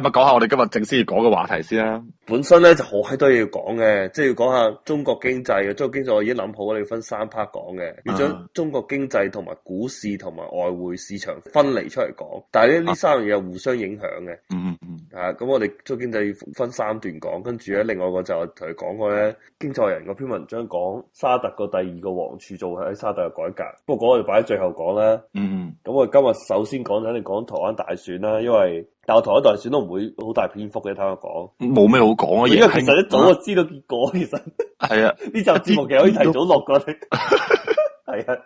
咁啊，講下我哋今日正式要講嘅話題先啦。本身咧就好閪多嘢要講嘅，即係要講下中國經濟嘅。中國經濟我已經諗好，我哋分三 part 講嘅。要將中國經濟同埋股市同埋外匯市場分離出嚟講，但係呢呢三樣嘢係互相影響嘅。嗯，嗯。 啊，咁我哋做經濟分三段講，跟住咧，另外個就同佢講過咧，經濟人個篇文章講沙特個第二個王儲做喺沙特嘅改革，不過嗰個就擺喺最後講啦。嗯嗯，咁我哋今日首先講緊，講台灣大選啦，因為但係我台灣大選都唔會好大篇幅嘅，聽我講，冇咩好講啊，因、嗯、為、啊、 其實一早就知道結果，其實係啊說的，呢 集節目其實可以提早落個，係 是啊。 是啊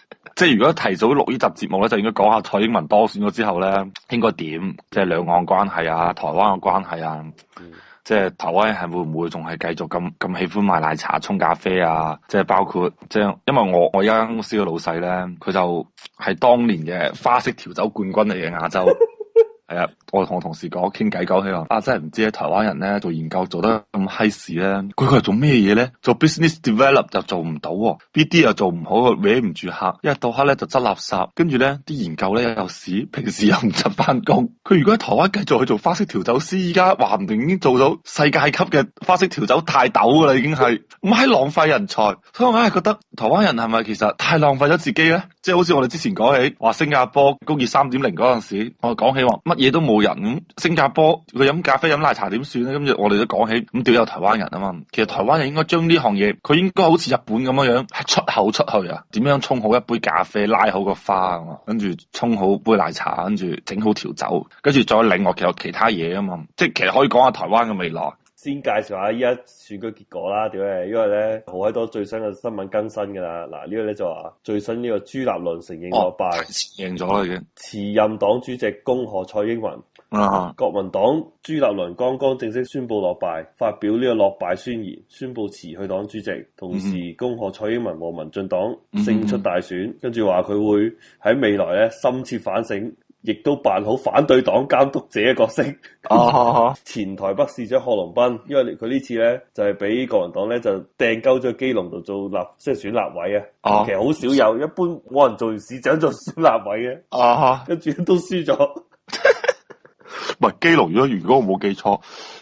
即係如果提早錄呢集節目咧，就應該講下蔡英文當選咗之後咧，應該點，即係兩岸關係啊、台灣嘅關係啊，即係台灣人會唔會仲係繼續咁咁喜歡買奶茶、沖咖啡啊？即係包括即係，因為我我而家公司嘅老細咧，佢就係當年嘅花式調酒冠軍嚟嘅亞洲。 我同我同事講傾偈講起話，啊真係唔知咧，台灣人咧做研究做得咁閪屎咧，佢佢又做咩嘢咧？做 business develop 又做唔到，B D 又做唔好，搵唔住客，一日到黑咧就執垃圾，跟住咧啲研究咧又屎，平時又唔執翻工，佢如果喺台灣繼續去做花式調酒師，依家話唔定已經做到世界級嘅花式調酒泰斗噶啦，已經係咁嗨浪費人才，所以我硬係覺得台灣人係咪其實太浪費咗自己咧？即係好似我哋之前講起話新加坡工業三點零嗰陣時，我講起話乜嘢都冇人咁，新加坡佢飲咖啡飲奶茶點算咧？跟住我哋都講起咁屌有台灣人啊嘛。其實台灣人應該將呢行嘢，佢應該好似日本咁樣樣係出口出去啊。點樣沖好一杯咖啡，拉好個花啊。跟住沖好杯奶茶，跟住整好調酒，跟住再另外有其他嘢啊嘛。即係其實可以講下台灣嘅未來。先介紹下依家選舉結果啦，點咧？因為咧，好閪多最新嘅新聞更新噶啦。嗱，這個、呢個咧就話最新呢個朱立倫承認落敗，認咗喇已經。辭任黨主席恭賀蔡英文。啊。國民黨朱立倫剛剛正式宣布落敗，發表呢個落敗宣言，宣布辭去黨主席，同時恭賀蔡英文和民進黨勝出大選，跟住話佢會喺未來咧深切反省。亦都扮好反對黨監督者嘅角色。哦，前台北市長郝龍斌，因為佢呢次咧就係俾國民黨咧就掟鳩咗基隆度做立即係選立委啊。哦，其實好少有，一般冇人做完市長做選立委嘅。哦，跟住都輸咗。唔係基隆，如果如果我冇記錯，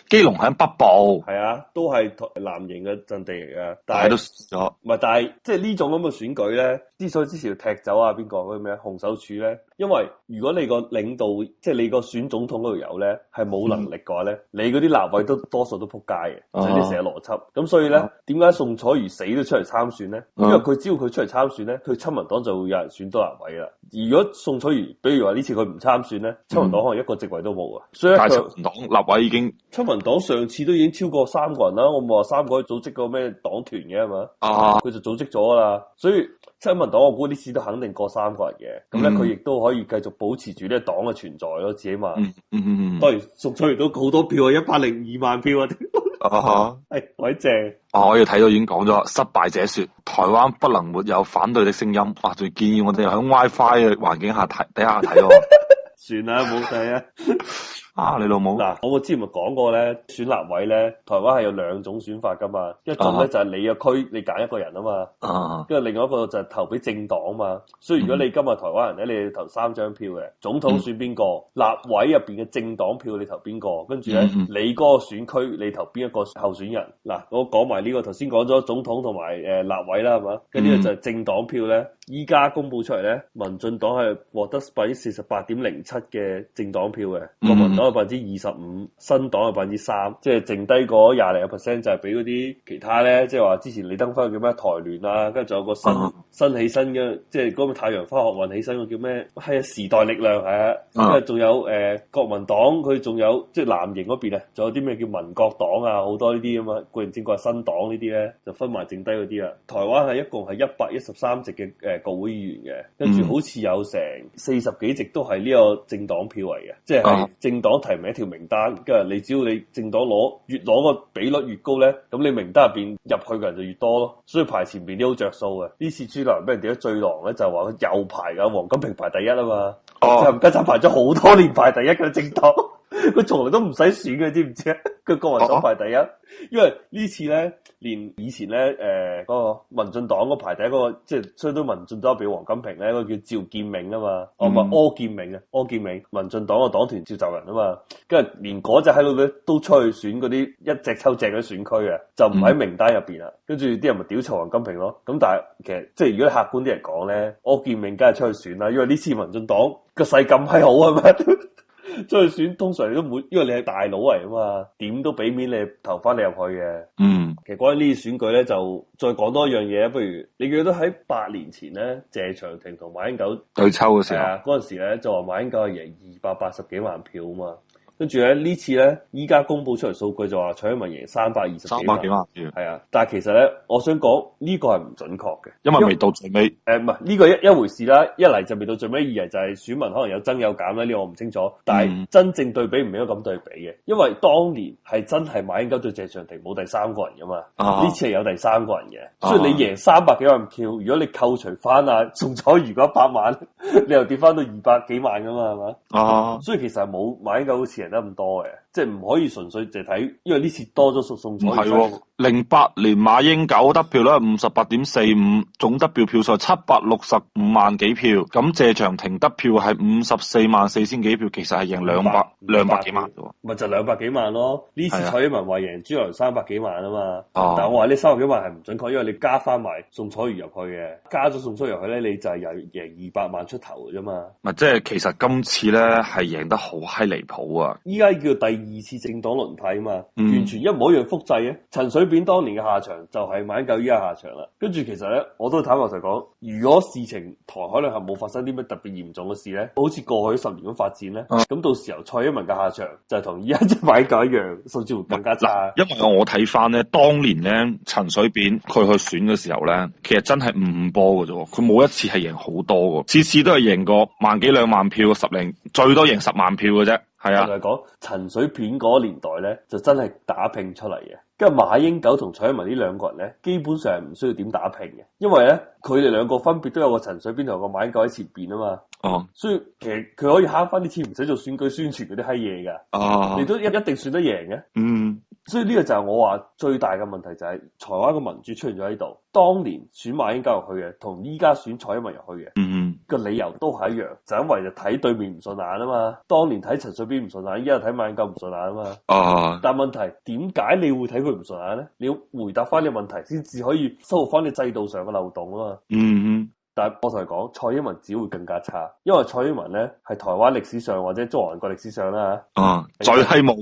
基隆喺北部。係啊，都係藍營嘅陣地嚟嘅。但係都唔係，但係即係呢種咁嘅選舉咧，之所以之前踢走啊邊個嗰啲咩洪秀柱咧。因為如果你個領導即係你個選總統嗰度有咧，係冇能力嘅話咧，嗯、你嗰啲立委都多數都撲街嘅，啊、就啲成日邏輯。咁所以咧，點解、啊、宋楚瑜死都出嚟參選咧？啊、因為佢只要佢出嚟參選咧，佢親民黨就會有人選多立委啦。如果宋楚瑜，比如話呢次佢唔參選咧，親民黨可能一個職位都冇啊。嗯、所以佢是黨立委已經，親民黨上次都已經超過三個人啦。我唔話三個組織個咩黨團嘅係嘛，佢、啊、就組織咗啦。所以。所以親民黨我估啲事都肯定過三個日嘅，咁咧佢亦都可以繼續保持住呢個黨嘅存在咯，至起碼，嗯嗯嗯嗯、當然輸咗都好多票啊，一百零二萬票啊，誒、啊，鬼正 、哎，我要睇到已經講咗，失敗者說台灣不能沒有反對嘅聲音，啊，仲建議我哋喺 WiFi 嘅環境下睇，底下睇喎，算啦，冇睇啊。 啊，你老母嗱、啊！我之前咪講過咧，選立委咧，台灣係有兩種選法噶嘛，一種咧、啊、就係你個區你揀一個人啊嘛，跟住、啊、另外一個就係投俾政黨啊嘛。所以如果你今日台灣人咧，你要投三張票嘅，總統選邊個，嗯、立委入邊嘅政黨票你投邊個，跟住咧、嗯嗯、你嗰個選區你投邊一個候選人。嗱、啊，我講埋呢個，頭先講咗總統同埋誒立委啦，係嘛？跟住就係政黨票咧，依家公布出嚟咧，民進黨係獲得百分之四十八點零七嘅政黨票嘅個民。嗯百分之二十五，新黨嘅百分之三，即係剩低嗰廿零個 percent 就係俾嗰啲其他咧，即係話之前李登輝個叫咩台聯啦、啊，跟住仲有個新、uh huh. 新起身嘅，即係嗰個太陽花學運起身個叫咩？係時代力量係，啊，因為仲有誒、呃、國民黨佢仲有即係藍營嗰邊啊，仲有啲咩叫民國黨啊，好多呢啲啊嘛，固然正果係新黨呢啲咧，就分埋剩低嗰啲啦。台灣係一共係一百一十三席嘅誒、呃、國會議員嘅，跟住好似有成四十幾席都係呢個政黨票嚟嘅，即係政黨。Huh. 攞提名一條名單，跟住你只要你政黨攞越攞個比率越高咧，咁你名單入邊入去嘅人就越多咯，所以排前邊都好着數嘅。呢次朱良俾人點咗最狼咧，就係話佢又排噶黃金平排第一啦嘛，oh. 就唔家陣排咗好多年排第一嘅政黨，佢從來都唔使選嘅，知唔知啊？個國民黨排第一，因為呢次咧，連以前咧，誒、呃，嗰、那個民進黨嗰排第一嗰個，即係雖然都民進黨比王金平咧，嗰個叫趙建明啊嘛，哦唔係柯建明啊，柯建明民進黨個黨團召集人啊嘛，跟住連嗰隻喺度咧都出去選嗰啲一隻抽正嘅選區啊，就唔喺名單入邊啊，跟住啲人咪屌嘈王金平咯，咁但係其實即係如果客觀啲嚟講咧，柯建明梗係出去選啦，因為呢次民進黨個勢咁係好啊嘛。 即係 選通常你都唔會，因為你係大佬嚟啊嘛，點都俾面你投翻你入去嘅。嗯，其實關於呢啲選舉咧，就再講多一樣嘢，不如你記得喺八年前咧，謝長廷同馬英九對抽嘅時候，嗰陣、啊、時咧就話馬英九係贏二百八十幾萬票啊嘛。跟住咧呢次咧，依家公布出嚟數據就話蔡英文贏三百二十幾萬票，係啊，但係其實咧，我想講呢、這個係唔準確嘅，因為，因為未到最尾。誒唔係呢個一一回事啦，一嚟就未到最尾，二嚟就係選民可能有增有減啦，呢、這個我唔清楚。但係真正對比唔、嗯、應該咁對比嘅，因為當年係真係馬英九對謝長廷冇第三個人噶嘛，呢次係有第三個人嘅。所以你贏三百幾萬票，如果你扣除翻啊仲彩如果一百萬， 你又跌翻到二百幾萬噶嘛係咪？哦、啊，所以其實係冇馬英九好似人。得咁多嘅。即係唔可以純粹淨係睇，因為呢次多咗宋楚瑜。係、哦，零八年馬英九得票咧五十八點四五，總得票票數七百六十五萬幾票。咁謝長廷得票係五十四萬四千幾票，其實係贏兩百 500, 兩百幾萬。咪就是、兩百幾萬咯。呢次蔡英文話贏朱立倫三百幾萬啊嘛，的但係我話呢三百幾萬係唔準確，因為你加翻埋宋楚瑜入去嘅，加咗宋楚瑜入去咧，你就係贏贏二百萬出頭嘅啫嘛。咪即係其實今次咧係贏得好嗨離譜啊！依家叫第。二次政黨輪替啊嘛，嗯、完全一模一樣複製嘅。陳水扁當年嘅下場就係馬九依家下場啦。跟住其實咧，我都坦白實講，如果事情台海能係冇發生啲咩特別嚴重嘅事咧，好似過去十年咁發展咧，咁、嗯、到時候蔡英文嘅下場就係同依家即係馬九一樣，甚至會更加差、啊。因為我睇翻咧，當年咧陳水扁佢去選嘅時候咧，其實真係唔五,五波嘅啫，佢冇一次係贏好多嘅，次次都係贏過萬幾兩萬票十，十零最多贏十萬票嘅啫。係啊，嚟講陳水扁嗰年代咧，就真係打拼出嚟嘅。跟住馬英九同蔡英文呢兩個人咧，基本上唔需要點打拼嘅，因為咧佢哋兩個分別都有個陳水扁同個馬英九喺前邊啊嘛。哦，所以其實佢可以慳翻啲錢，唔使做選舉宣傳嗰啲閪嘢嘅。哦，你都一一定算得贏嘅。嗯所以呢個就係我話最大嘅問題，就是，就係台灣嘅民主出現咗喺度。當年選馬英九入去嘅，同依家選蔡英文入去嘅，個、mm hmm. 理由都係一樣，就是，因為就睇對面唔順眼啊嘛。當年睇陳水扁唔順眼，依家睇馬英九唔順眼啊嘛。哦、uh，huh. 但問題點解你會睇佢唔順眼咧？你要回答翻呢個問題，先至可以修翻你制度上嘅漏洞啊嘛。嗯嗯、uh，huh. 但我就係講蔡英文只會更加差，因為蔡英文咧係台灣歷史上或者中華民國歷史上啦啊最係冇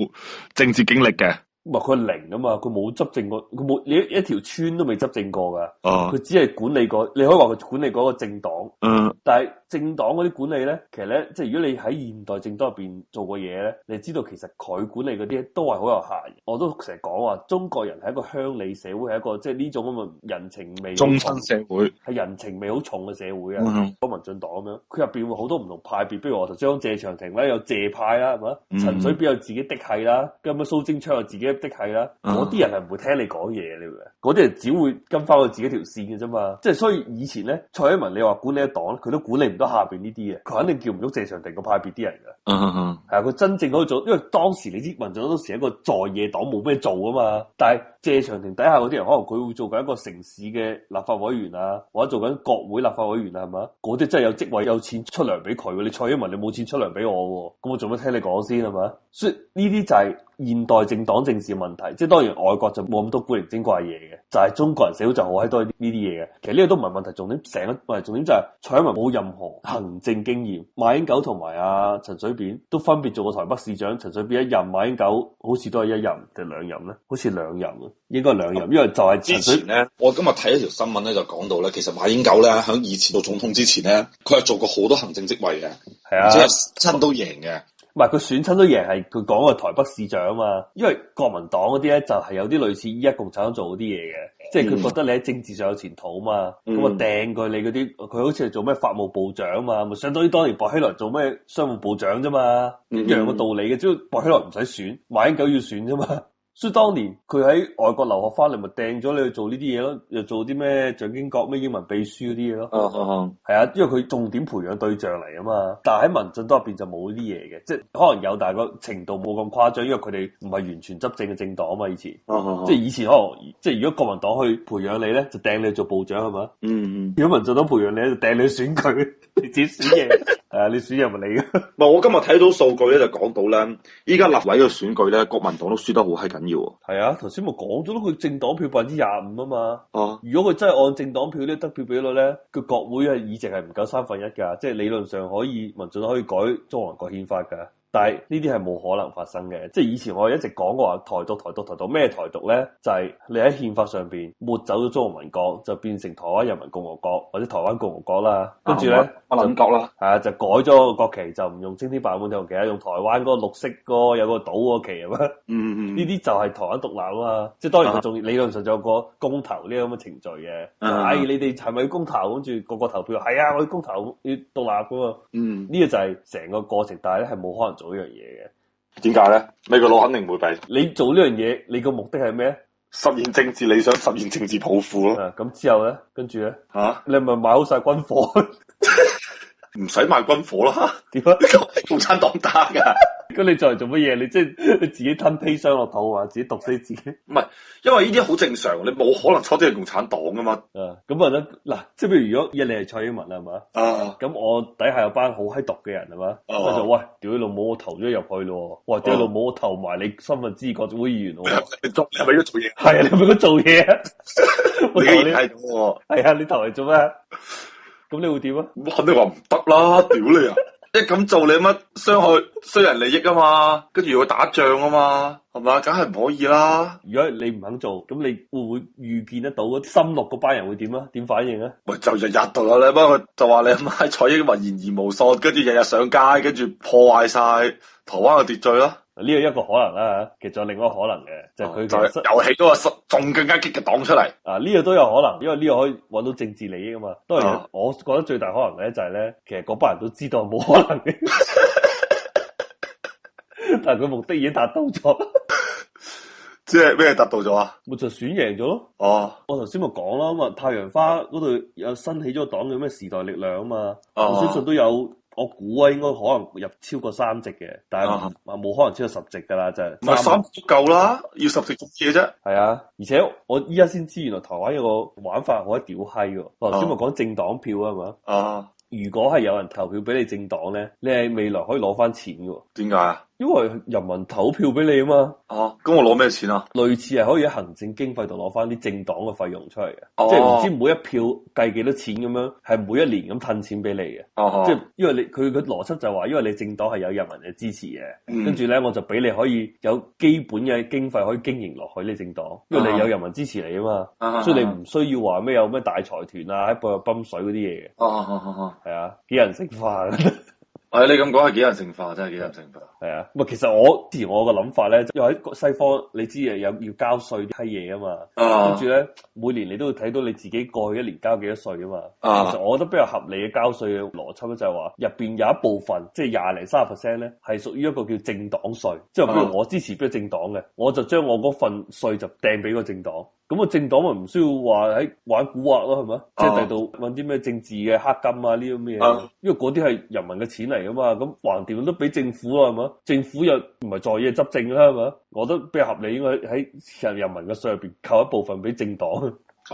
政治經歷嘅。唔係，佢係零啊嘛，佢冇執政過，佢冇，你一條村都未執政過噶。哦，佢只係管理過，你可以話佢管理嗰個政黨嗯，uh. 但係。政黨嗰啲管理咧，其實咧，即係如果你喺現代政黨入邊做過嘢咧，你知道其實佢管理嗰啲都係好有限。我都成日講話，中國人係一個鄉里社會，係一個即係呢種咁嘅人情味、宗親社會，係人情味好重嘅社會啊。講、嗯、民進黨咁樣，佢入邊會好多唔同派別，比如話張、謝長廷咧有謝派啦，係嘛？嗯、陳水扁有自己嫡系啦，咁啊蘇貞昌有自己嫡系啦。嗰啲、嗯、人係唔會聽你講嘢嘅，嗰啲人只會跟翻佢自己條線嘅啫嘛。即係所以以前咧，蔡英文你話管理一黨，佢都管理唔到下邊呢啲嘢，佢肯定叫唔到謝長廷個派別啲人噶，係佢、嗯嗯、真正可以做，因為當時你知民眾當時係一個在野黨冇咩做啊嘛。但係謝長廷底下嗰啲人，可能佢會做緊一個城市嘅立法委員啊，或者做緊國會立法委員啊，係嘛？嗰啲真係有職位、有錢出糧俾佢。你蔡英文你冇錢出糧俾我、啊，咁我做乜聽你講先係嘛？所以呢啲就係、是。現代政黨政治問題，即係當然外國就冇咁多古靈精怪嘢嘅，就係、是、中國人社會就我喺多呢啲嘢嘅。其實呢個都唔係問題重點個，成唔係重點就係蔡英文冇任何行政經驗。馬英九同埋阿陳水扁都分別做過台北市長，陳水扁一任，馬英九好似都係一任定兩任咧？好似兩任，應該兩任，因為就係之前咧，我今日睇一條新聞咧就講到咧，其實馬英九咧喺二次做總統之前咧，佢係做過好多行政職位嘅，係啊，親都贏嘅。唔係佢選親都贏係佢講嘅台北市長啊嘛，因為國民黨嗰啲咧就係有啲類似依家共產黨做嗰啲嘢嘅，即係佢覺得你喺政治上有前途啊嘛，咁啊掟過你嗰啲，佢好似係做咩法務部長啊嘛，咪相當於當年薄熙來做咩商務部長啫嘛，一樣嘅道理嘅，只要薄熙來唔使選，馬英九要選啫嘛。所以當年佢喺外國留學翻嚟，咪掟咗你去做呢啲嘢咯，又做啲咩，蔣經國咩英文秘書嗰啲嘢咯。嗯係啊，因為佢重點培養對象嚟啊嘛。但係喺民進黨入邊就冇呢啲嘢嘅，即係可能有，但係個程度冇咁誇張。因為佢哋唔係完全執政嘅政黨啊嘛，以前。Oh, oh, oh. 即係以前可能，即係如果國民黨去培養你咧，就掟你去做部長係嘛？嗯嗯。Mm hmm. 如果民進黨培養你咧，就掟你去選舉，你自己選嘢？誒，你死又咪你嘅？唔係，我今日睇到數據咧，就講到咧，依家立委嘅選舉咧，國民黨都輸得好閪緊要喎。係啊，頭先咪講咗咯，佢政黨票百分之廿五啊嘛。哦、啊，如果佢真係按政黨票啲得票比率咧，佢國會係議席係唔夠三分一㗎，即係理論上可以民進黨可以改中華國憲法㗎。但係呢啲係冇可能發生嘅，即係以前我一直講過話，台獨台獨台獨咩台獨咧？就係、是、你喺憲法上邊抹走咗中華民國，就變成台灣人民共和國或者台灣共和國啦。跟住咧，我輪國啦，係啊，就，嗯、就改咗國旗，就唔用青天白日旗，用台灣嗰個綠色個有個島個旗係嘛、啊嗯？嗯嗯呢啲就係台灣獨立啊！即係當然佢仲、嗯、理論上仲有個公投呢啲咁嘅程序嘅。嗯，唉、哎，你哋係咪要公投跟住個個投票？係啊，我要公投要獨立噶嘛？嗯，呢個就係成個過程，但係咧係冇可能。做呢樣嘢嘅，點解咧？你個腦肯定唔會閉。你做呢樣嘢，你個目的係咩？實現政治理想，實現政治抱負咯。咁、啊、之後咧，跟住咧，吓、啊，你係咪買好晒軍火，唔使 買軍火啦。吓樣？點啊？共產黨打噶。咁你做嚟做乜嘢？你即係自己吞砒霜落肚啊？自己毒死自己？唔係，因為呢啲好正常，你冇可能初初係共產黨噶嘛？誒、嗯，咁啊，嗱，即係譬如，如果一你係蔡英文係嘛？啊，咁我底下有班好閪毒嘅人係嘛？我、啊、就喂，屌你老母，我投咗入去咯！哇、呃，屌你老母，我、啊、投埋你身份資格委員咯！你做係咪喺度做嘢？係啊，你喺度做嘢啊？你睇咗？係啊，你，你投嚟做咩？咁 你， 你會點啊？肯定話唔得啦！屌你啊！ 你 一咁做你乜傷害傷人利益啊嘛，跟住又要打仗啊嘛，係嘛，梗係唔可以啦。如果你唔肯做，咁你會唔會預見得到深綠嗰班人會點啊？點反應啊？就日日到啦，你媽佢就話你阿媽蔡英文言而無信，跟住日日上街，跟住破壞晒台灣嘅秩序啦。呢個一個可能啦，其實有另外一個可能嘅，就佢其實遊戲都有仲更加激嘅黨出嚟。啊，呢、這個都有可能，因為呢個可以搵到政治利益啊嘛。當然、啊，我覺得最大可能咧就係、是、咧，其實嗰班人都知道冇可能嘅， 但係佢目的已經達到咗。即係咩達到咗啊？咪就選贏咗咯。哦、啊，我頭先咪講啦咁啊，太陽花嗰度有新起咗個黨，叫咩時代力量啊嘛，我相信都有。我估啊，應該可能入超過三席嘅，但係冇、啊、可能超過十席噶啦，就係、是。唔係三席足夠啦，要十席足嘅啫。係啊，而且我依家先知，原來台灣有個玩法好屌閪嘅。頭先咪講政黨票啊嘛，如果係有人投票俾你政黨咧，你係未來可以攞翻錢嘅。點解啊？因為人民投票俾你啊嘛，啊，咁我攞咩錢啊？類似係可以喺行政經費度攞翻啲政黨嘅費用出嚟嘅，即係唔知每一票計幾多錢咁樣，係每一年咁吞錢俾你嘅，哦、即係因為你佢佢邏輯就話，因為你政黨係有人民嘅支持嘅，跟住咧我就俾你可以有基本嘅經費可以經營落去呢政黨，因為你有人民支持你啊嘛，哦、所以你唔需要話咩有咩大財團啊，喺背後泵水嗰啲嘢嘅，哦，係啊，幾人食飯？誒，你咁講係幾人性化，真係幾人性化。係啊，唔係其實我自前我嘅諗法咧，又喺西方，你知誒有要交稅啲閪嘢啊嘛。跟住咧每年你都會睇到你自己過去一年交幾多稅啊嘛。啊，uh. 其實我覺得比較合理嘅交稅嘅邏輯咧就係話，入邊有一部分即係廿零三十 percent 咧係屬於一個叫政黨稅，即係譬如我支持邊個政黨嘅，uh. 我就將我嗰份稅就掟俾個政黨。咁啊，政黨咪唔需要話喺玩古惑咯，係咪、啊？即係第度搵啲咩政治嘅黑金啊，呢啲咩？啊、因為嗰啲係人民嘅錢嚟㗎嘛，咁橫掂都俾政府咯，係咪？政府又唔係在嘢執政啦，係咪？我覺得比較合理，應該喺人人民嘅稅入邊扣一部分俾政黨。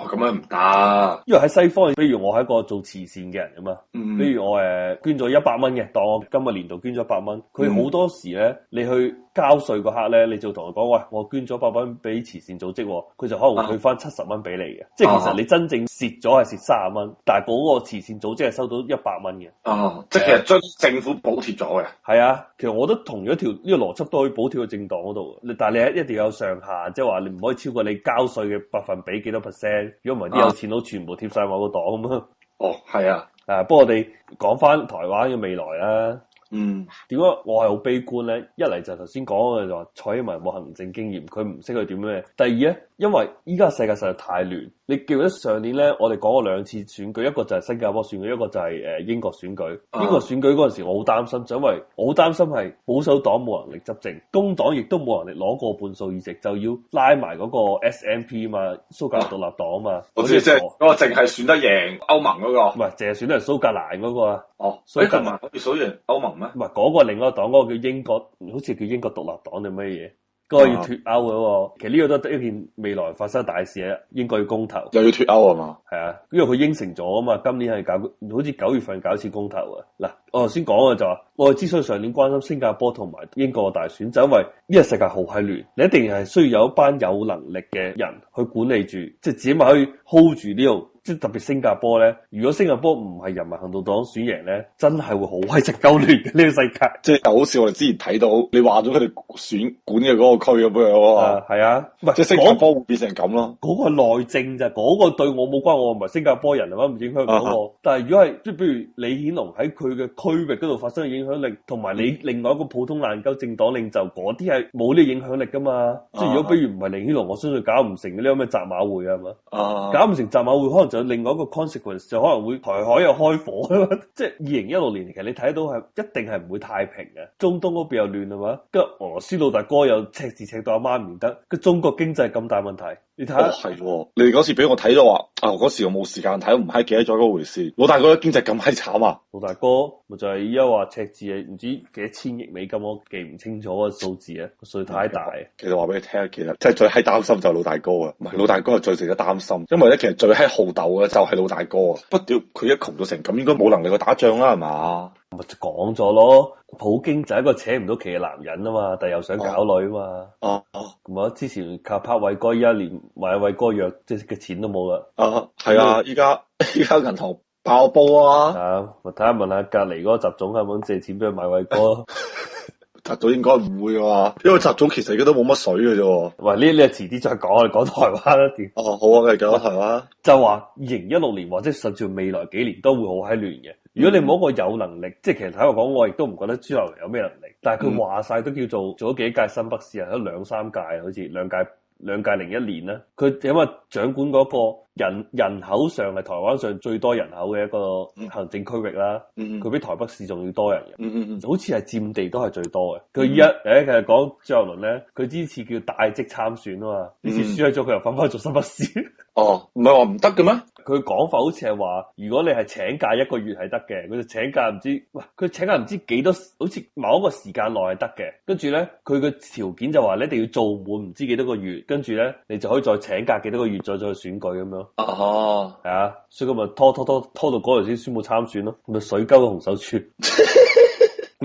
咁、哦、樣唔得、啊，因為喺西方，比如我係一個做慈善嘅人啊嘛，嗯、比如我誒、呃、捐咗一百蚊嘅，當我今日年度捐咗一百蚊，佢好多時咧，嗯、你去交稅嗰刻咧，你就同佢講，喂，我捐咗一百蚊俾慈善組織，佢就可能退翻七十蚊俾你嘅，啊、即係其實你真正蝕咗係蝕卅蚊，但係嗰個慈善組織係收到一百蚊嘅。哦、啊，就是、即係其實將政府補貼咗嘅。係啊，其實我都同咗一條呢、這個邏輯，都可以補貼去政黨嗰度，但係你一一定要有上下，即係話你唔可以超過你交稅嘅百分比幾多 percent。如果唔係啲有錢佬全部貼晒我個黨咁樣哦，係啊，誒、啊，不過我哋講翻台灣嘅未來啦。嗯，點解我係好悲觀咧？一嚟就頭先講嘅就話蔡英文冇行政經驗，佢唔識佢點咩。第二咧，因為依家世界實在太亂。你記得上年咧，我哋講過兩次選舉，一個就係新加坡選舉，一個就係誒英國選舉。英國選舉嗰陣時，我好擔心，就因為我好擔心係保守黨冇能力執政，工黨亦都冇能力攞過半數議席，就要拉埋嗰個 SNP 嘛，蘇格蘭獨立黨嘛。嗰啲即係嗰個淨係選得贏歐盟嗰個，唔係淨係選得係蘇格蘭嗰個啊。哦，所以同埋可以數完歐盟。唔係嗰個另一個黨，嗰個叫英國，好似叫英國獨立黨定乜嘢？嗰個要脱歐嘅。其實呢個都係一件未來發生大事啊，英國要公投又要脱歐啊嘛。係啊，因為佢應承咗啊嘛，今年係搞，好似九月份搞一次公投啊。嗱。我先講嘅就話我哋之所以上年關心新加坡同埋英國嘅大選，就因為呢個世界好閪亂，你一定係需要有一班有能力嘅人去管理住，即係只係可以 hold 住呢度。即係特別新加坡咧，如果新加坡唔係人民行動黨選贏咧，真係會好閪成鳩亂嘅呢個世界。即係就好似我哋之前睇到你話咗佢哋選管嘅嗰個區咁樣啊，係啊，唔係即係新加坡會變成咁咯？嗰、嗰個、個內政就係嗰個對我冇關我，我唔係新加坡人啊嘛，唔影響到、嗰、我、個。啊、但係如果係即係比如李顯龍喺佢嘅。區域嗰度發生嘅影響力，同埋你另外一個普通難搞政黨領袖嗰啲係冇呢個影響力噶嘛？啊、即係如果比如唔係李顯龍，我相信搞唔成呢啲咁嘅習馬會嘅係嘛？啊、搞唔成習馬會，可能就有另外一個 consequence，就可能會台海又開火， 即係二零一六年其實你睇到係一定係唔會太平嘅。中東嗰邊又亂係嘛？跟住俄羅斯老大哥又赤字赤到阿媽唔認得，個中國經濟咁大問題。你睇，係，你哋嗰時俾我睇咗話，啊嗰時我冇時間睇，我唔閪記得咗嗰回事。老大哥嘅經濟咁閪慘啊！老大哥咪就係而家話赤字啊，唔知幾多千億美金，我記唔清楚個數字啊，個稅太大。其實話俾你聽，其實即係最閪擔心就老大哥啊，唔係老大哥係最值得擔心，因為咧其實最閪好鬥嘅就係老大哥啊。不屌，佢一窮到成咁，應該冇能力去打仗啦係嘛？咪就講咗咯。普京就係一個扯唔到旗嘅男人啊嘛，但係又想搞女啊嘛，哦、啊，我、啊、之前靠拍偉哥，依家連買偉哥藥即係嘅錢都冇啦。啊，係啊，依家依家銀行爆煲啊,啊，我睇下問下隔籬嗰個習總可唔可以借錢俾佢買偉哥。啊 習總應該唔會話，因為習總其實而家都冇乜水嘅啫。喂呢，呢就遲啲再講。我哋講台灣啲。哦，好啊，我哋講台灣。 就話二零一六年或者甚至未來幾年都會好閪亂嘅。如果你冇一個有能力，嗯、即係其實睇度講，我亦都唔覺得朱立倫有咩能力。但係佢話晒都叫做、嗯、做咗幾屆新北市啊，做咗兩三屆，好似兩屆。兩屆零一年啦，佢因為掌管嗰個人人口上係台灣上最多人口嘅一個行政區域啦，佢，嗯嗯嗯，比台北市仲要多人嘅，嗯嗯嗯，好似係佔地都係最多嘅。佢依家，誒，嗯，其實講張學良咧，佢呢次叫大職參選啊嘛，呢次輸咗，佢又翻翻去做新北市。哦，唔係話唔得嘅咩？佢講法好似係話，如果你係請假一個月係得嘅，佢就請假唔知，哇！佢請假唔知幾多，好似某一個時間內係得嘅。跟住咧，佢個條件就話你一定要做滿唔知幾多個月，跟住咧，你就可以再請假幾多個月，再再去選舉咁樣。哦、啊，係啊，所以咁咪拖拖拖拖到嗰陣先宣布參選咯、啊，咪水溝嘅紅手串。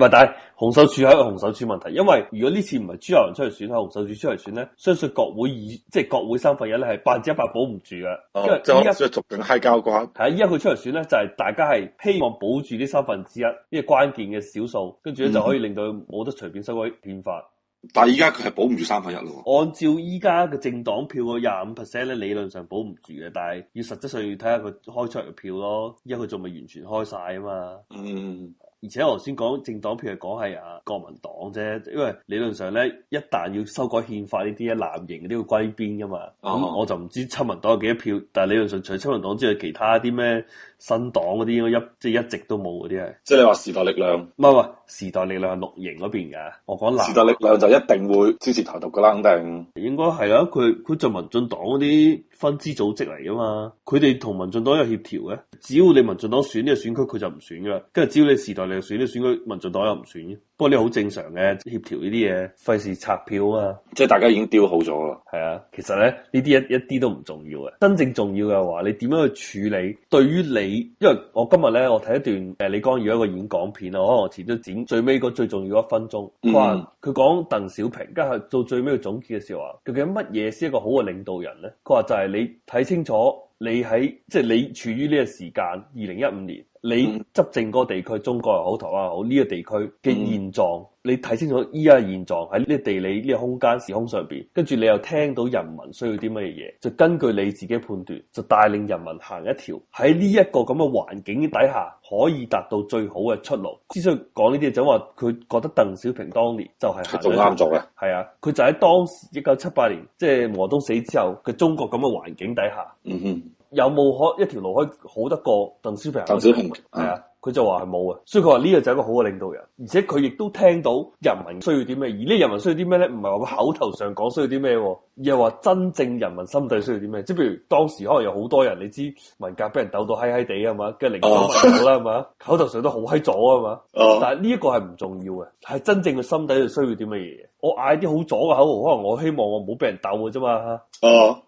唔但係洪秀柱係一個洪秀柱問題，因為如果呢次唔係朱立倫出嚟選，係洪秀柱出嚟選咧，相信國會以即係、就是、國會三分一咧係百分之一百保唔住嘅。哦、因為、哦、即就而家逐漸 h i g 交嘅係啊，而家佢出嚟選咧，就係、是、大家係希望保住呢三分之一呢個關鍵嘅少數，跟住咧就可以令到冇得隨便修改憲法。嗯、但係依家佢係保唔住三分一咯。按照依家嘅政黨票嘅廿五 percent 咧，理論上保唔住嘅，但係要實質上要睇下佢開出嚟嘅票咯。而家佢仲未完全開晒啊嘛。嗯。而且我頭先講政黨票係講係啊國民黨啫，因為理論上咧，一旦要修改憲法呢啲啊，藍營嗰啲會歸邊噶嘛？咁、uh huh. 我就唔知親民黨有幾多票，但係理論上除咗親民黨之外，其他啲咩？新黨嗰啲應該一即係、就是、一直都冇嗰啲係，即係你話時代力量，唔係唔係時代力量綠營嗰邊噶，我講時代力量就一定會支持台獨噶啦，肯定應該係啊！佢佢就民進黨嗰啲分支組織嚟啊嘛，佢哋同民進黨有協調嘅。只要你民進黨選呢個選區，佢就唔選噶啦。跟住只要你時代力量選呢個選區，民進黨又唔選嘅。不過你好正常嘅協調呢啲嘢，費事拆票啊！即係大家已經丟好咗啦，係啊。其實咧呢啲一一啲都唔重要嘅，真正重要嘅話，你點樣去處理？對於你，因為我今日咧，我睇一段誒李光耀一個演講片啊，我可能截咗剪最尾個最重要一分鐘。佢話佢講鄧小平，跟住做最尾個總結嘅時候話，究竟乜嘢先係一個好嘅領導人咧？佢話就係你睇清楚你，你喺即係你處於呢個時間二零一五年。你執政嗰個地區，中國又好，台灣又好，呢個地區嘅現狀，你睇清楚呢個現狀喺呢個地理、呢個空間、時空上邊，跟住你又聽到人民需要啲乜嘢嘢，就根據你自己判斷，就帶領人民行一條喺呢一個咁嘅環境底下可以達到最好嘅出路。之所以講呢啲就話佢覺得鄧小平當年就係做啱做嘅，係啊，佢就喺當時一九七八年，即係毛澤東死之後嘅中國咁嘅環境底下。嗯哼。有冇可一條路可以好得過鄧小平，平？鄧小平係啊，佢就話係冇啊。所以佢話呢個就係一個好嘅領導人，而且佢亦都聽到人民需要啲咩，而呢人民需要啲咩咧？唔係話佢口頭上講需要啲咩，而係話真正人民心底需要啲咩？即係譬如當時可能有好多人，你知文革俾人鬥到嗨嗨地啊嘛，跟住領導唔到啦嘛，口頭上都好嗨咗啊嘛， 但係呢一個係唔重要嘅，係真正嘅心底度需要啲乜嘢？我嗌啲好左嘅口號，可能我希望我冇好俾人鬥嘅啫嘛，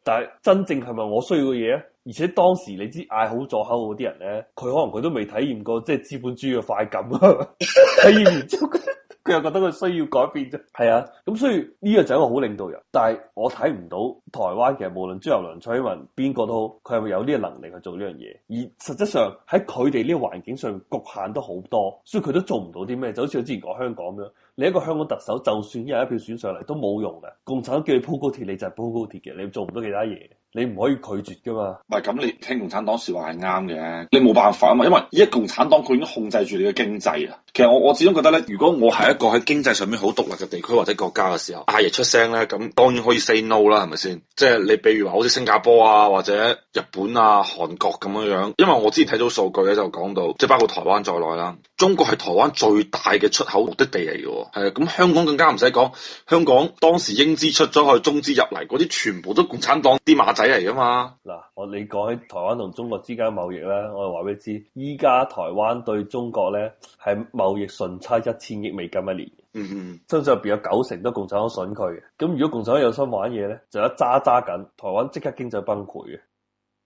但係真正係咪我需要嘅嘢啊？而且當時你知嗌好咗口嗰啲人咧，佢可能佢都未體驗過即係資本主義嘅快感啊！ 體驗完之佢又覺得佢需要改變啫。係啊，咁所以呢個就係一個好領導人，但係我睇唔到台灣其實無論朱立倫、蔡英文邊個都好，佢係咪有呢個能力去做呢樣嘢？而實質上喺佢哋呢個環境上局限得好多，所以佢都做唔到啲咩，就好似我之前講香港咁樣。你一個香港特首，就算有一票選上嚟都冇用嘅。共產黨叫你鋪高鐵，你就係鋪高鐵嘅，你做唔到其他嘢，你唔可以拒絕噶嘛。唔係咁，你聽共產黨說話係啱嘅，你冇辦法啊嘛。因為依家共產黨佢已經控制住你嘅經濟啊。其實我我始終覺得咧，如果我係一個喺經濟上面好獨立嘅地區或者國家嘅時候，阿爺出聲咧，咁當然可以 say no 啦，係咪先？即係你，比如話好似新加坡啊，或者日本啊、韓國咁樣樣。因為我之前睇到數據咧，就講到即係包括台灣在內啦，中國係台灣最大嘅出口目的地嚟噶。係啊，咁香港更加唔使講，香港當時英資出咗去，中資入嚟，嗰啲全部都共產黨啲馬仔嚟噶嘛？嗱，我你講喺台灣同中國之間貿易咧，我就話俾你知，依家台灣對中國咧係貿易順差一千億美金一年，嗯嗯，身上邊有九成都共產黨損佢嘅，咁如果共產黨有心玩嘢咧，就一揸揸緊，台灣即刻經濟崩潰嘅。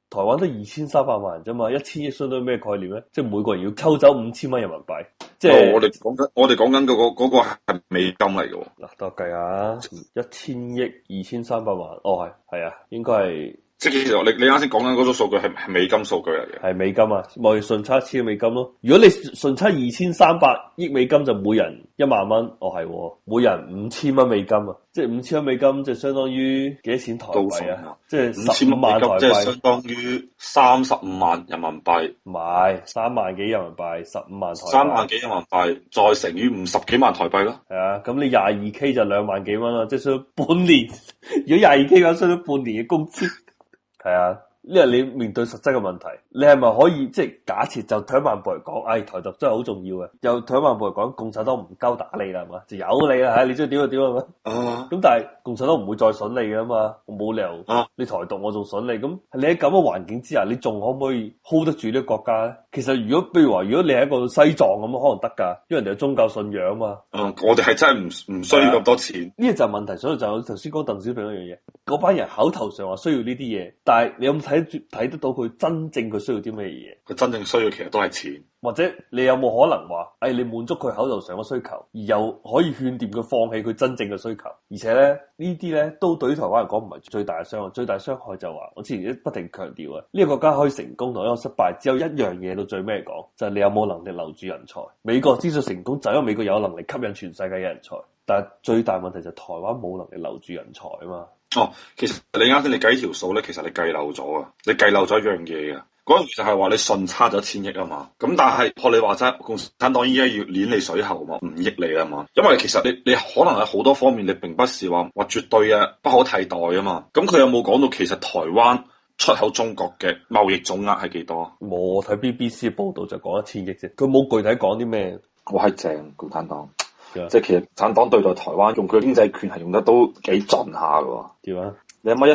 台灣得二千三百萬人啫嘛，一千億相當於咩概念咧？即係每個人要抽走五千蚊人民幣。即係我哋講緊，我哋講緊嗰個嗰個係美金嚟嘅喎。嗱，多計下，一千億二千三百萬哦，係係啊，應該係。即係其實你你啱先講緊嗰組數據係係美金數據嚟、啊、嘅，係美金啊，貿易順差一千美金咯、啊。如果你順差二千三百億美金，就每人一萬蚊。哦係，每人五千蚊美金啊，即係五千蚊美金就相當於幾多錢台幣啊？啊即係五千五萬台幣、啊，即係相當於三十五萬人民幣，買三萬幾人民幣十五萬台三萬幾人民幣再乘以五十幾萬台幣咯。係啊，咁你廿二 K 就兩萬幾蚊啦，即係升半年。如果廿二 K 咁升咗半年嘅工資。 係啊，呢係你面對實質嘅問題。你係咪可以即係假設就退萬步嚟講，唉、哎，台獨真係好重要嘅，又退萬步嚟講，共產黨唔夠打你啦，係嘛？就由你啦嚇，你中意點就點啊嘛。咁 但係共產黨唔會再順你噶嘛，我冇理由。啊、你台獨我仲順你，咁你喺咁嘅環境之下，你仲可唔可以 hold 得住呢個國家咧？其實如果譬如話，如果你喺一個西藏咁，可能得㗎，因為人哋有宗教信仰啊嘛。嗯、我哋係真係唔唔需要咁多錢。呢、啊呢個就係問題，所以就頭先講鄧小平一樣嘢，嗰班人口頭上話需要呢啲嘢，但係你有冇睇睇得到佢真正佢？需要啲咩嘢？佢真正需要其實都係錢，或者你有冇可能話，誒，你滿足佢口頭上嘅需求，而又可以勸掂佢放棄佢真正嘅需求？而且咧呢啲咧都對於台灣嚟講唔係最大嘅傷害，最大傷害就係話我之前一不停強調啊，呢個國家可以成功同一個失敗，只有一樣嘢到最尾講，就係你有冇能力留住人才？美國之所以成功，就因為美國有能力吸引全世界嘅人才，但係最大問題就係台灣冇能力留住人才啊嘛。哦，其實你啱先你計條數咧，其實你計漏咗啊，你計漏咗一樣嘢啊。嗰陣時就係話你順差咗一千億啊嘛，咁但係學你話齋，共產黨依家要捻你水喉嘛，唔益你啦嘛，因為其實你你可能喺好多方面，你並不是話話絕對嘅不可替代啊嘛。咁佢有冇講到其實台灣出口中國嘅貿易總額係幾多？冇，我睇 BBC 報道就講一千億啫，佢冇具體講啲咩。我係正共產黨，啊、即係其實共產黨對待台灣用佢經濟權係用得都幾盡下嘅。點啊？你諗下一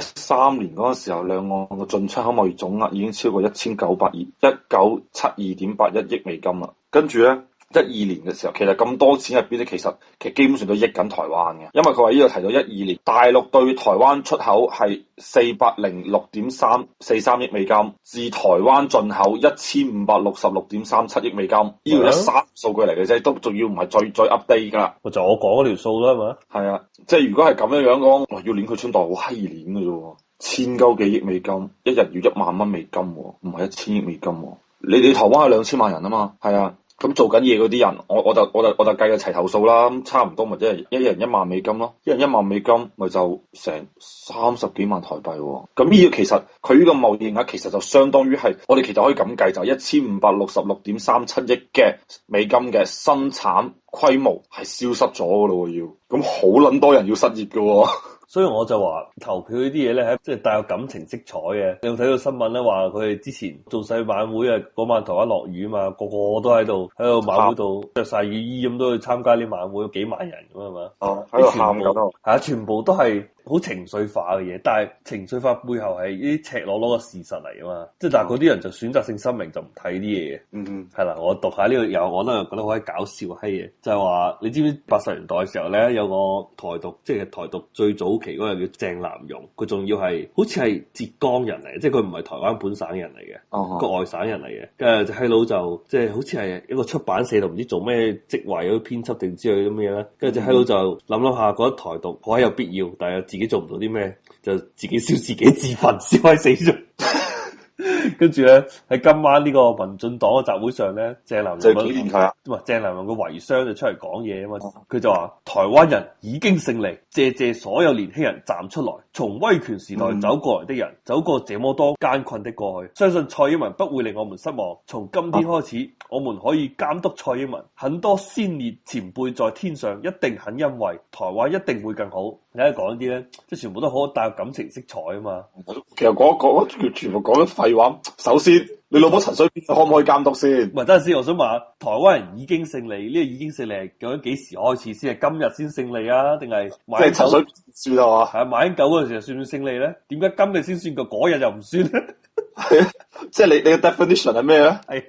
三年嗰個時候，兩岸嘅進出口貿易總額已經超過一千九百億，一九七二點八一億美金啦。跟住呢。一二年嘅時候，其實咁多錢入邊咧，其實其實基本上都益緊台灣嘅，因為佢話呢度提到一二年大陸對台灣出口係四百零六點三四三億美金，自台灣進口一千五百六十六點三七億美金。呢個一三數據嚟嘅啫，都仲要唔係最最 update 噶啦，就我講嗰條數啦係咪？係啊，即係如果係咁樣樣講，要攣佢春袋好閪攣嘅啫，千鳩幾億美金，一日要一萬蚊美金，唔係一千億美金。你你台灣係兩千萬人啊嘛，係啊。咁做緊嘢嗰啲人，我就我就我就我就計佢齊頭數啦，差唔多咪即係一人一萬美金咯，一人一萬美金，咪就成三十幾萬台幣喎。咁呢個其實佢呢個貿易額其實就相當於係我哋其實可以咁計，就一千五百六十六點三七億嘅美金嘅生產規模係消失咗噶咯，要咁好撚多人要失業噶。所以我就話投票呢啲嘢咧，即係帶有感情色彩嘅。你有睇到新聞咧，話佢哋之前做造勢晚會啊，嗰晚台灣落雨嘛，個個都喺度喺度晚會度着晒雨衣咁都去參加呢晚會，幾萬人咁啊嘛，喺度、哦、喊喎都係啊，全部，著全部都係。好情緒化嘅嘢，但係情緒化背後係啲赤裸裸嘅事實嚟㗎嘛，即係但係嗰啲人就選擇性失明，就唔睇啲嘢嘅。嗯嗯，係啦，我讀下呢個又我都又覺得好閪搞笑閪嘢，就係話你知唔知八十年代嘅時候咧，有個台獨，即係台獨最早期嗰個叫鄭南榕，佢仲要係好似係浙江人嚟嘅，即係佢唔係台灣本省人嚟嘅，嗯嗯個外省人嚟嘅。跟住誒，閪佬就即係好似係一個出版社度唔知做咩職位啲編輯定之類啲咩咧，跟住就閪佬就諗諗下覺得台獨好喺有必要，但係。自己做唔到啲咩，就自己燒自己自焚，燒係死咗。跟住咧喺今晚呢個民進黨嘅集會上咧，鄭南榕，鄭南榕嘅遺孀就出嚟講嘢啊嘛，佢就話：台灣人已經勝利，謝謝所有年輕人站出來，從威權時代走過來的人，走過這麼多艱困的過去，相信蔡英文不會令我們失望。從今天開始，我們可以監督蔡英文。很多先烈前輩在天上一定很欣慰，台灣一定會更好。你睇講啲咧，即係全部都好帶感情色彩啊嘛。其實講講全部講得廢話。首先，你老母陳水扁可唔可以監督先？唔係，等陣先，我想問下，台灣人已經勝利呢？呢個、已經勝利究竟幾時開始先？係今日先勝利啊？定係即係陳水扁算啊嘛？係啊，馬英九嗰陣時候算唔算勝利咧？點 解今日先算嘅？嗰日又唔算咧？係啊、嗯，即係你你 definition 係咩咧？係，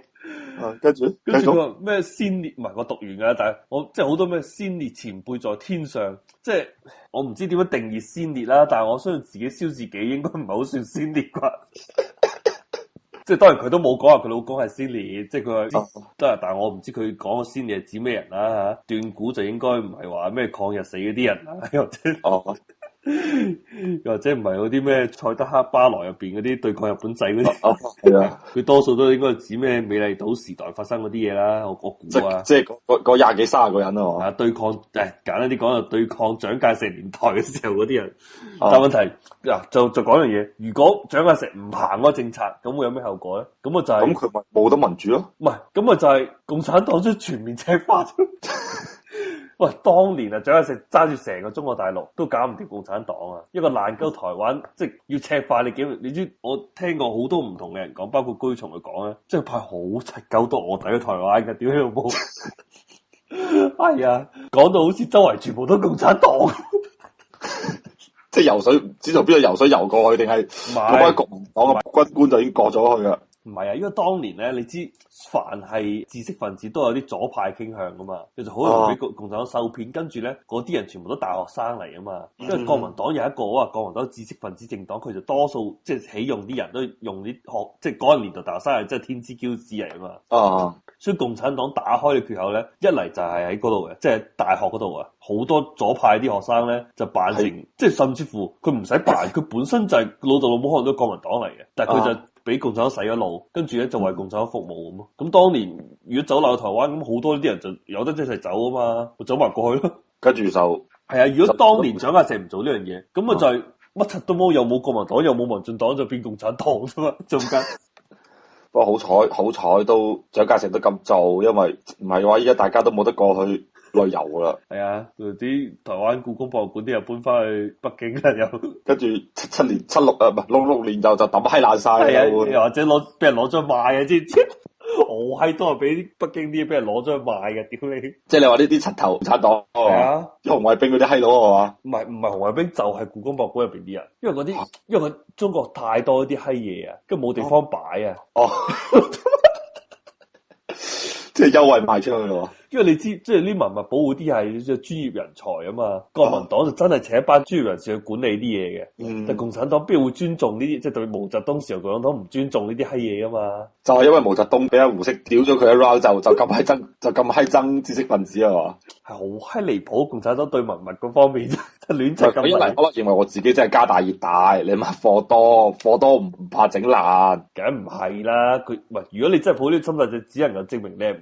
跟住跟住佢話咩先烈？唔係我讀完噶，但係我即係好多咩先烈前輩在天上，即係我唔知點樣定義先烈啦。但係我相信自己燒自己應該唔係好算先烈啩。 即係當然佢都冇講話佢老公係 Silly，即係佢都係，oh. 但係我唔知佢講嘅先烈係指咩人啦、啊、嚇。斷、啊、估就應該唔係話咩抗日死嗰啲人啦、啊，啊 oh. 又或者唔係嗰啲咩塞德克巴萊入邊嗰啲對抗日本仔嗰啲，佢多數都應該指咩美麗島時代發生嗰啲嘢啦。我估啊，即係嗰嗰廿幾卅個人啊嘛、 哎。對抗誒，簡單啲講就對抗蔣介石年代嘅時候嗰啲人。但係問題嗱，就就講樣嘢，如果蔣介石唔行嗰個政策，咁會有咩後果咧？咁啊就係、是、咁，佢咪冇得民主咯？唔係，咁啊就係共產黨將全面赤化。 喂，當年啊，蔣介石揸住成個中國大陸都搞唔掂共產黨啊，一個爛鳩台灣，即係要赤化你幾？你知我聽過好多唔同嘅人講，包括居從嚟講啊，即係派好赤夠多卧底去台灣嘅，屌你老母，係啊，講到、 哎、好似周圍全部都共產黨， 即係游水，知道邊度游水游過去，定係嗰班國民黨嘅軍官就已經過咗去啊？唔係啊，因為當年咧，你知凡係知識分子都有啲左派傾向噶嘛，佢就好容易俾共共產黨受騙。跟住咧，嗰啲人全部都大學生嚟啊嘛。因為國民黨有一個啊，國民黨知識分子政黨，佢就多數即係起用啲人都用啲學，即係嗰個年代大學生係真係天之驕子嚟啊嘛。哦、uh，huh. 所以共產黨打開嘅缺口咧，一嚟就係喺嗰度嘅，即係大學嗰度啊，好多左派啲學生咧就扮成，的即係甚至乎佢唔使扮，佢本身就係老豆老母可能都國民黨嚟嘅，但係佢就、uh。Huh. 俾共產黨洗咗腦，跟住咧就為共產黨服務咁咯。咁、嗯、當年如果走難到台灣，咁好多啲人就有得一齊走啊嘛，我走埋過去咯。跟住就係啊！如果當年蔣介石唔做呢樣嘢，咁咪、啊、就乜柒都冇，又冇國民黨，又冇民進黨，就變共產黨啊嘛，仲加。不過好彩好彩都蔣介石都咁做，因為唔係嘅話，依家大家都冇得過去。旅遊啦，係啊，啲台灣故宮博物館啲人搬翻去北京啦，又跟住七七年七六啊，唔係六六年就就抌閪爛晒，啊、又或者攞俾人攞出去賣啊，知唔知？我閪都啊，俾北京啲俾人攞出去賣嘅，屌你！即係你話呢啲賊頭賊黨，係啊，紅衛兵嗰啲閪佬係嘛？唔係唔係紅衛兵，就係故宮博物館入邊啲人，因為嗰啲、啊、因為中國太多啲閪嘢啊，跟住冇地方擺啊。即係優惠賣出去咯，因為你知即係啲文物保護啲係即係專業人才啊嘛。國民黨就真係請一班專業人士去管理啲嘢嘅，嗯、但共產黨邊會尊重呢啲？即係對毛澤東時候共產黨唔尊重呢啲閪嘢啊嘛。就係因為毛澤東俾阿胡適屌咗佢一 round，就就咁閪憎，就咁閪憎知識分子啊嘛。係好閪離譜，共產黨對文物嗰方面亂， 就咁。我我認為我自己真係家大業大，你乜貨多貨多唔怕整爛，梗唔係啦。佢係如果你真係抱呢啲心態，就只能夠證明你